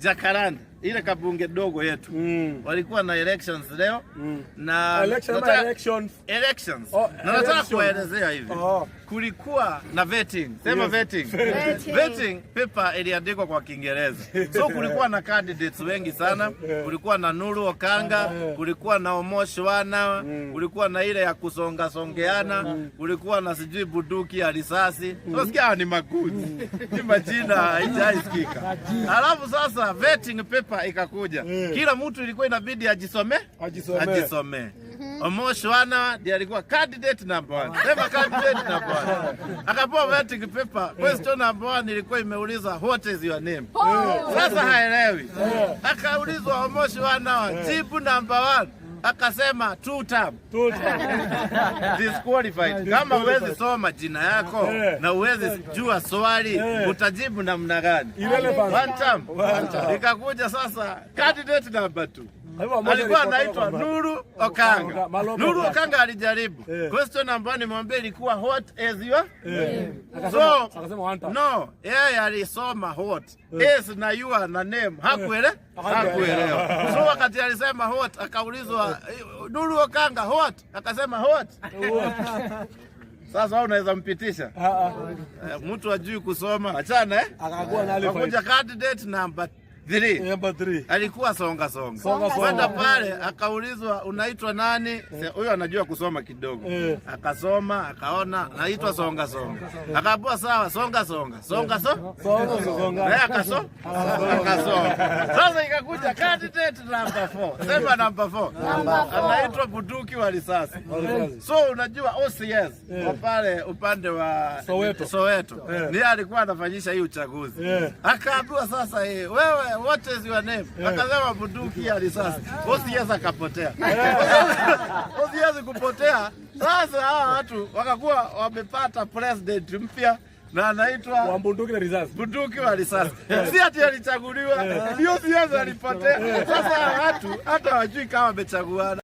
Zakaran. ile kabunge dogo yetu mm. walikuwa na elections leo mm. na ah, election nata... elections. Elections. Oh, na nataka kuelezea hivi oh. kulikuwa na vetting sema yes. vetting. vetting. vetting paper iliandikwa kwa Kiingereza so kulikuwa na candidates wengi sana kulikuwa na Nuru Okanga kulikuwa na Omoshi wana mm. kulikuwa na ile ya kusonga songeana mm. kulikuwa na sijui buduki ya risasi unasikia mm. sikia ni makuti mm. ni majina haijaisikika alafu sasa vetting paper hapa ikakuja yeah. Kila mtu ilikuwa inabidi ajisome ajisome, ajisome. Mm -hmm. Omoshwana ndiye alikuwa candidate number one. Sema candidate number one. Akapewa vetting paper. Eh. Question number one ilikuwa imeuliza what is your name? Oh. Sasa haelewi. Eh. Akaulizwa Omoshwana eh. jibu number one akasema two term. Two term. Disqualified. Kama uwezi soma jina yako yeah. na uwezi jua swali yeah. utajibu namna gani? One term. Ikakuja sasa candidate number 2 alikuwa anaitwa Nuru Okanga. Nuru Okanga alijaribu eh. question ambayo nimwambia ilikuwa hot as your eh. Eh. so no, yeye alisoma hot as na you your na name hakuele hakuelewa. So wakati alisema hot, akaulizwa Nuru Okanga hot, akasema hot Sasa wewe unaweza mpitisha ah, ah. mtu ajui kusoma, achana eh? akakuwa na kuja candidate number 2 Eh, alikuwa songa songa, songa, songa. Kwenda pale akaulizwa unaitwa nani? Huyo anajua kusoma kidogo eh. Akasoma akaona naitwa songa songa, akaambua sawa, songa songa songa songa, Songa songa. Eh, akasoma akasoma. Sasa ikakuja candidate number 4 sema number 4 anaitwa Buduki wa risasi. So unajua OCS kwa pale upande wa Soweto, Soweto. Yeah. Ndiye alikuwa anafanyisha hii uchaguzi Akaambiwa sasa, hey, wewe what is your name? Akasema bunduki ya risasi. Osiasa akapotea. Osiasa kupotea. Sasa hawa watu wakakuwa wamepata president mpya na anaitwa wa bunduki na risasi, bunduki wa risasi. Si ati alichaguliwa, ndio siasa alipotea. Sasa watu hata wajui kama wamechaguana.